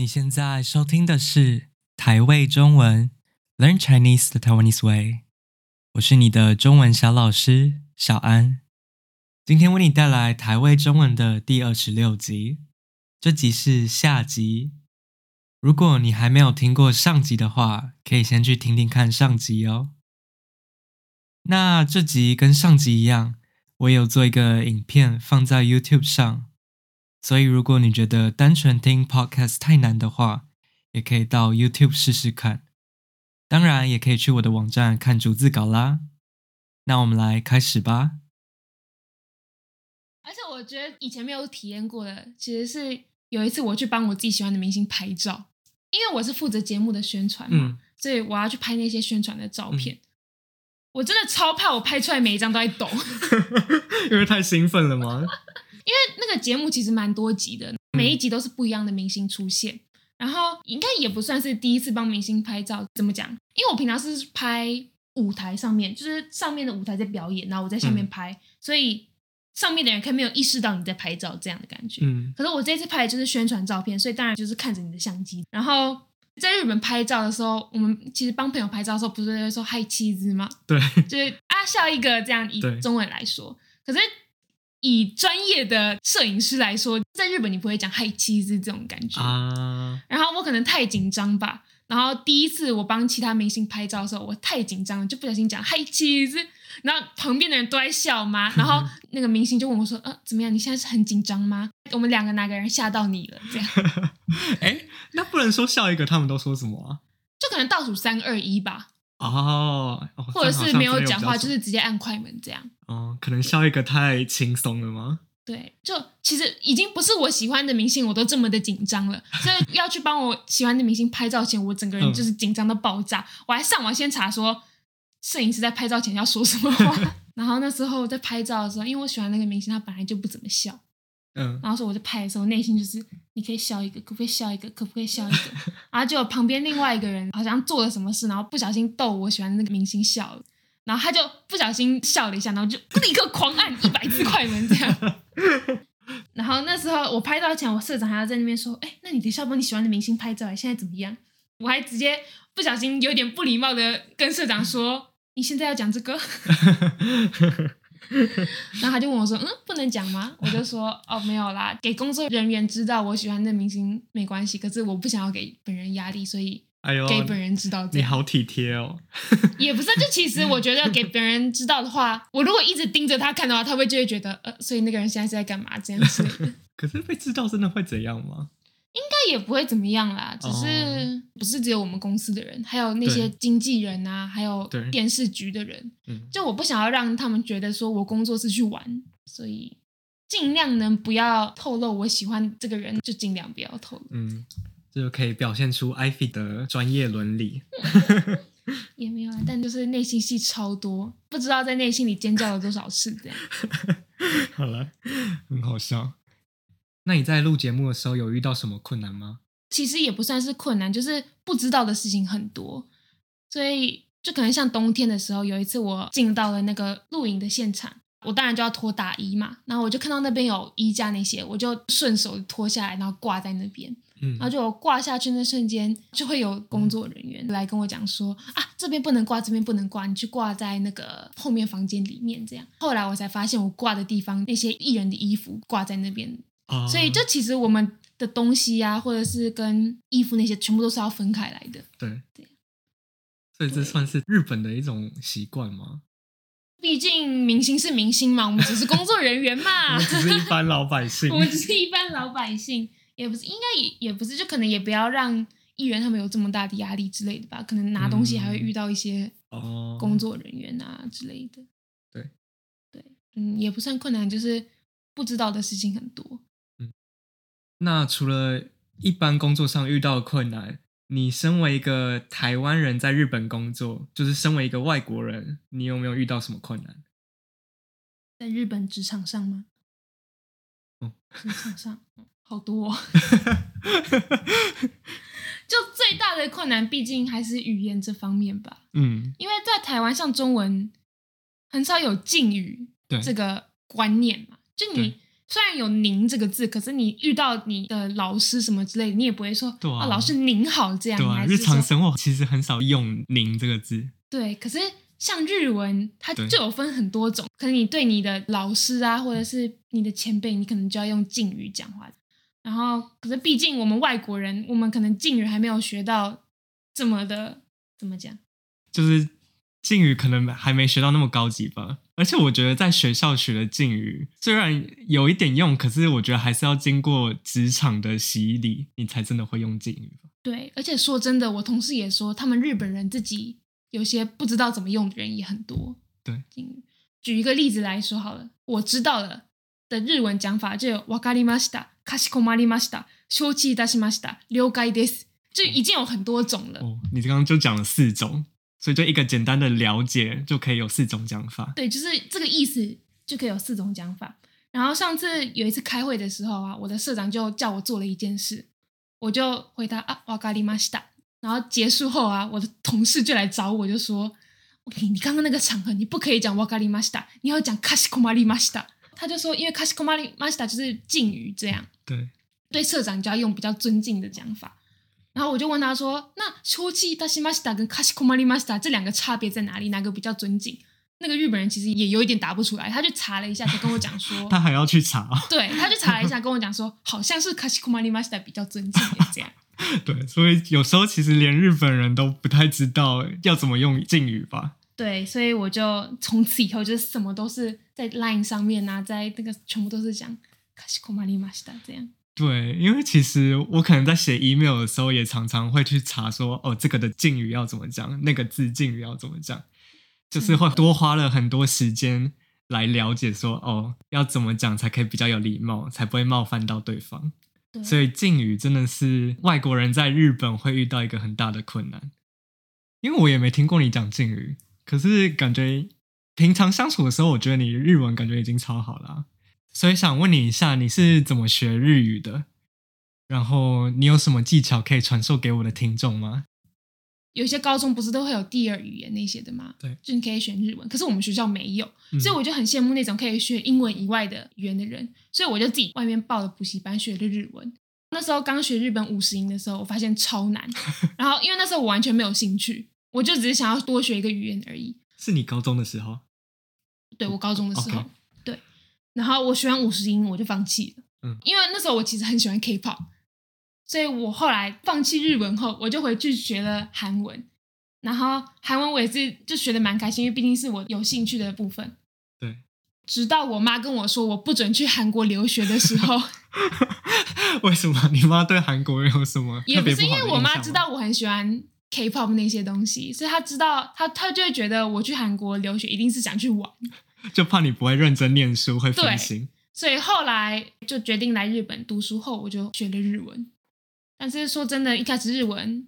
你現在收聽的是台味中文 Learn Chinese the Taiwanese Way，我是你的中文小老師小安，今天為你帶來台味中文的第二十六集，這集是下集。如果你還沒有聽過上集的話，可以先去聽聽看上集哦。那這集跟上集一樣，我有做一個影片放在 YouTube 上。所以，如果你覺得單純聽 podcast 太難的話，也可以到 YouTube 試試看。當然，也可以去我的網站看逐字稿啦。那我們來開始吧。而且，我覺得以前沒有體驗過的，其實是有一次我去幫我自己喜歡的明星拍照，因為我是負責節目的宣傳嘛，嗯、所以我要去拍那些宣傳的照片。嗯、我真的超怕，我拍出來每一張都在抖。 因為太興奮了嘛。 因為那個節目其實蠻多集的，每一集都是不一樣的明星出現，嗯、然後應該也不算是第一次幫明星拍照。怎麼講？因為我平常是拍舞台上面，就是上面的舞台在表演，然後我在下面拍，嗯、所以上面的人可能沒有意識到你在拍照這樣的感覺。嗯，可是我這次拍的就是宣傳照片，所以當然就是看着你的相機。然後在日本拍照的時候，我們其實幫朋友拍照的時候，不是說嗨妻子嗎？對，就是啊笑一個這樣。以中文來說，對可是。以專業的攝影師來說，在日本你不會講 Hi Cheese 這種感覺啊。Uh、然後我可能太緊張吧。然後第一次我幫其他明星拍照的時候，我太緊張了，就不小心講 Hi Cheese。然後旁邊的人都在笑嘛。然後那個明星就問我說：“ 呃，怎麼樣？你現在是很緊張嗎？我們兩個哪個人嚇到你了？”這樣。哎、 欸，那不能說笑一個，他們都說什麼啊？就可能倒數三二一吧。哦，哦，或者是沒有講話，就是直接按快門這樣。哦，可能笑一個太輕鬆了嗎？對，就其實已經不是我喜歡的明星，我都這麼的緊張了。 所以要去幫我喜歡的明星拍照前，我整個人就是緊張到爆炸。嗯，我還上網先查說攝影師在拍照前要說什麼話。 然後那時候在拍照的時候，因為我喜歡那個明星，他本來就不怎麼笑。然後說我就拍的時候，我內心就是你可以笑一個，可不可以笑一個，可不可以笑一個？然後就旁邊另外一個人好像做了什麼事，然後不小心逗我，我喜歡的那個明星笑了，然後他就不小心笑了一下，然後就立刻狂按一百次快門，這樣。 然後那時候我拍照前，我社長還要在那邊說：“哎， 那你等一下幫你喜歡的明星拍照，啊、現在怎麼樣？”我還直接不小心有點不禮貌的跟社長說：“ 你現在要講這個？” 然後他就問我說：“嗯，不能講嗎？”我就說：“哦，沒有啦，給工作人員知道我喜歡的明星沒關係，可是我不想要給本人壓力，所以給本人知道。”哎啊，你好體貼哦。 也不是，就其實我覺得給別人知道的話，我如果一直盯着他看的話，他會就會覺得呃，所以那個人現在是在幹嘛這樣子。 可是被知道真的會怎樣嗎？應該也不會怎麼樣啦，只是不是只有我們公司的人，哦、還有那些經紀人啊，對還有電視局的人。嗯、就我不想要讓他們覺得說我工作是去玩，所以盡量能不要透露我喜歡這個人，就盡量不要透露。嗯，就可以表現出 Ivy 的專業倫理。 也沒有啊，但就是內心戲超多，不知道在內心裡尖叫了多少次。這樣 好了，很好笑。那你在錄節目的時候有遇到什麼困難嗎？其實也不算是困難，就是不知道的事情很多，所以就可能像冬天的時候，有一次我進到了那個錄影的現場，我當然就要脫大衣嘛，然後我就看到那邊有衣架那些，我就順手脫下來，然後掛在那邊，嗯、哼然後就掛下去那瞬間，就會有工作人員來跟我講說、嗯、啊，這邊不能掛，這邊不能掛，你去掛在那個後面房間裡面這樣。後來我才發現，我掛的地方那些藝人的衣服掛在那邊。哦、所以，就其實我們的東西呀、啊，或者是跟衣服那些，全部都是要分開來的。對。對所以，這算是日本的一種習慣嗎？畢竟明星是明星嘛，我們只是工作人員嘛。 我們只是一般老百姓。 我們只是一般老百姓， 也不是應該也也不是，就可能也不要讓藝人他們有這麼大的壓力之類的吧。可能拿東西還會遇到一些工作人員啊之類的。嗯哦、對。對，嗯，也不算困難，就是不知道的事情很多。那除了一般工作上遇到的困難，你身為一個台灣人在日本工作，就是身為一個外國人，你有沒有遇到什麼困難？在日本職場上嗎？哦，職場上，好多哦。 就最大的困難，畢竟還是語言這方面吧。嗯，因為在台灣，像中文很少有敬語這個觀念嘛，對就你。雖然有“您”這個字，可是你遇到你的老師什麼之類，你也不會說，對啊，啊，老師您好這樣。對啊，日常生活其實很少用“您”這個字。對，可是像日文，它就有分很多種。對，可能你對你的老師啊，或者是你的前輩，你可能就要用敬語講話的。然後，可是畢竟我們外國人，我們可能敬語還沒有學到這麼的怎麼講，就是敬語可能還沒學到那麼高級吧。而且我覺得在學校學的敬語雖然有一點用，可是我覺得還是要經過職場的洗禮，你才真的會用敬語。對，而且說真的，我同事也說，他們日本人自己有些不知道怎麼用的人也很多。對，敬語。舉一個例子來說好了，我知道了的日文講法就有わかりました、かしこまりました、承知いたしました、了解です，就已經有很多種了。哦，你剛剛就講了四種。所以就一個簡單的了解就可以有四種講法，對，就是這個意思就可以有四種講法。然後上次有一次開會的時候啊，我的社長就叫我做了一件事，我就回答啊哇卡里瑪西達。然後結束後啊，我的同事就來找我，就說：“ OK, 你剛剛那個場合你不可以講哇卡里瑪西達，你要講卡西庫瑪里瑪西達。”他就說：“因為卡西庫瑪里瑪西達就是敬語，這樣。”對，對，社長就要用比較尊敬的講法。然後我就問他說：“那秋季達西瑪西達跟卡西庫瑪麗瑪西達這兩個差別在哪裡？哪個比較尊敬？”那個日本人其實也有一點答不出來，他就查了一下，才跟我講說：“ 他還要去查哦。”對，他就查了一下，跟我講說：“好像是卡西庫瑪麗瑪西達比較尊敬。”這樣。 對，所以有時候其實連日本人都不太知道要怎麼用敬語吧。對，所以我就從此以後就是什麼都是在 Line 上面啊，在那個全部都是講卡西庫瑪麗瑪西達這樣。對，因為其實我可能在寫 email 的時候，也常常會去查說，哦，這個的敬語要怎麼講，那個字敬語要怎麼講，就是會多花了很多時間來了解說，哦，要怎麼講才可以比較有禮貌，才不會冒犯到對方。對。所以敬語真的是外國人在日本會遇到一個很大的困難。因為我也沒聽過你講敬語，可是感覺平常相處的時候，我覺得你日文感覺已經超好了啊。所以想問你一下，你是怎麼學日語的？然後你有什麼技巧可以傳授給我的聽眾嗎？有些高中不是都會有第二語言那些的嗎？對，就你可以選日文。可是我們學校沒有，嗯、所以我就很羨慕那種可以學英文以外的語言的人。所以我就自己外面報了補習班學的日文。那時候剛學日本五十音的時候，我發現超難。 然後因為那時候我完全沒有興趣，我就只是想要多學一個語言而已。是你高中的時候？對，我高中的時候。Okay. 然後我學完五十音，我就放棄了。嗯，因為那時候我其實很喜歡 K-pop，所以我後來放棄日文後，我就回去學了韓文。然後韓文我也是就學得蠻開心，因為畢竟是我有興趣的部分。對。直到我媽跟我說我不准去韓國留學的時候， 為什麼？你媽對韓國人有什麼？也不是，因為我媽知道我很喜歡 K-pop 那些東西，所以她知道，她她就會覺得我去韓國留學一定是想去玩。就怕你不會認真念書，會分心。所以後來就決定來日本讀書後，後我就學了日文，但是說真的，一開始日文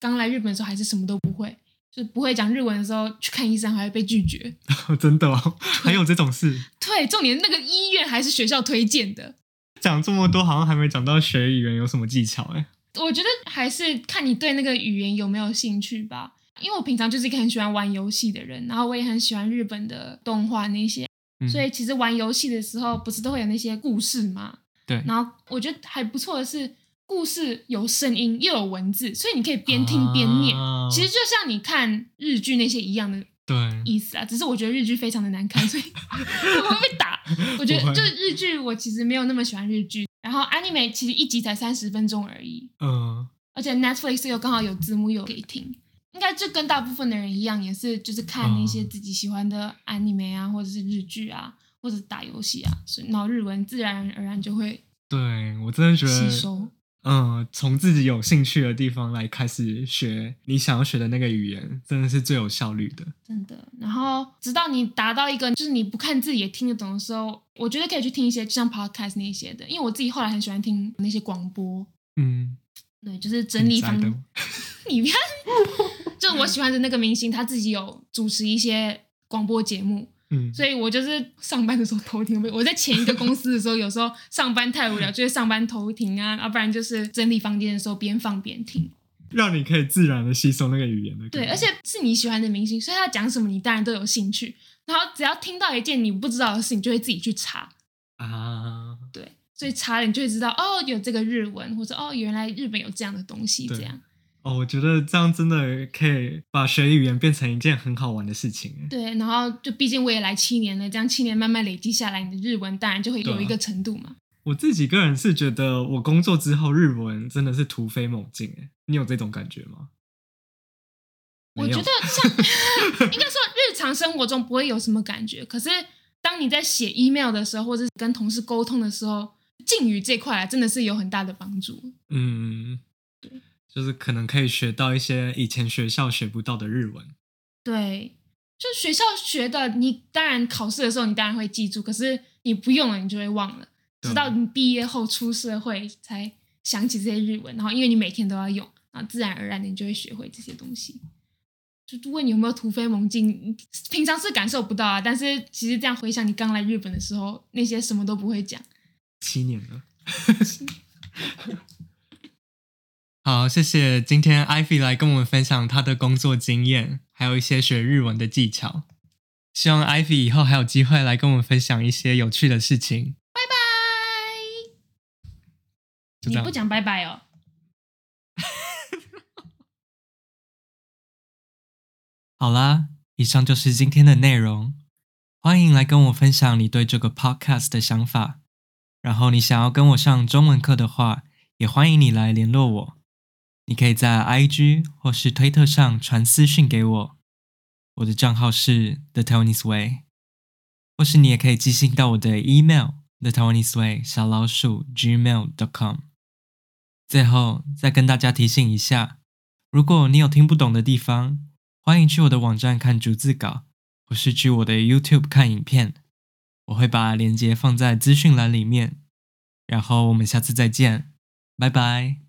剛來日本的時候還是什麼都不會，就不會講日文的時候去看醫生，還會被拒絕。哦、真的、哦，還有這種事？對,對，重點那個醫院還是學校推薦的。講這麼多，好像還沒講到學語言有什麼技巧哎、欸。我覺得還是看你對那個語言有沒有興趣吧。因為我平常就是一個很喜歡玩遊戲的人，然後我也很喜歡日本的動畫那些，嗯、所以其實玩遊戲的時候不是都會有那些故事嘛？對。然後我覺得還不錯的是，故事有聲音又有文字，所以你可以邊聽邊念，哦、其實就像你看日劇那些一樣的對意思啊。只是我覺得日劇非常的難看，所以 我會被打。我覺得就是日劇，我其實沒有那麼喜歡日劇。然後，anime 其實一集才三十分鐘而已，嗯、呃。而且 Netflix 又剛好有字幕，又可以聽。應該就跟大部分的人一樣，也是就是看那些自己喜歡的 anime 啊，嗯，或者是日劇啊，或者是打遊戲啊，所以然後日文自然而然就會。對，我真的覺得吸收，嗯，從自己有興趣的地方來開始學你想要學的那個語言，真的是最有效率的。真的，然後直到你達到一個就是你不看自己也聽得懂的時候，我覺得可以去聽一些就像 podcast 那些的，因為我自己後來很喜歡聽那些廣播。嗯，對，就是整理方，你看 你不要笑就我喜歡的那個明星，嗯、他自己有主持一些廣播節目，嗯，所以我就是上班的時候偷聽唄。我在前一個公司的時候，有時候上班太無聊， 就會上班偷聽啊，要、啊、不然就是整理房間的時候邊放邊聽，讓你可以自然的吸收那個語言的。對，而且是你喜歡的明星，所以他講什麼你當然都有興趣。然後只要聽到一件你不知道的事情，你就會自己去查啊。對，所以查了你就會知道，哦，有這個日文，或者哦，原來日本有這樣的東西，這樣。哦，我覺得這樣真的可以把學語言變成一件很好玩的事情。對，然後就畢竟我也來七年了，這樣七年慢慢累積下來，你的日文當然就會有一個程度嘛。啊，我自己個人是覺得，我工作之後日文真的是突飛猛進，你有這種感覺嗎？我覺得像 應該說日常生活中不會有什麼感覺，可是當你在寫 email 的時候，或者跟同事溝通的時候，敬語這塊來真的是有很大的幫助。嗯。就是可能可以學到一些以前學校學不到的日文，對，就學校學的，你當然考試的時候你當然會記住，可是你不用了，你就會忘了，對直到你畢業後出社會才想起這些日文，然後因為你每天都要用，啊，自然而然你就會學會這些東西。就問你有沒有突飛猛進，你平常是感受不到啊，但是其實這樣回想你剛來日本的時候，那些什麼都不會講，七年了。七年 好，謝謝今天 Ivy 來跟我們分享她的工作經驗，還有一些學日文的技巧。希望 Ivy 以後還有機會來跟我們分享一些有趣的事情。拜拜！你不講拜拜哦。 好啦，以上就是今天的內容。歡迎來跟我分享你對這個 podcast 的想法。然後你想要跟我上中文課的話，也歡迎你來聯絡我。你可以在 IG 或是推特上傳私訊給我，我的賬號是 The Taiwanese Way，或是你也可以寄信到我的 email the Taiwanese Way 小老鼠 gmail.com。最後再跟大家提醒一下，如果你有聽不懂的地方，歡迎去我的網站看逐字稿，或是去我的 YouTube 看影片，我會把鏈接放在資訊欄裡面。然後我們下次再見，拜拜。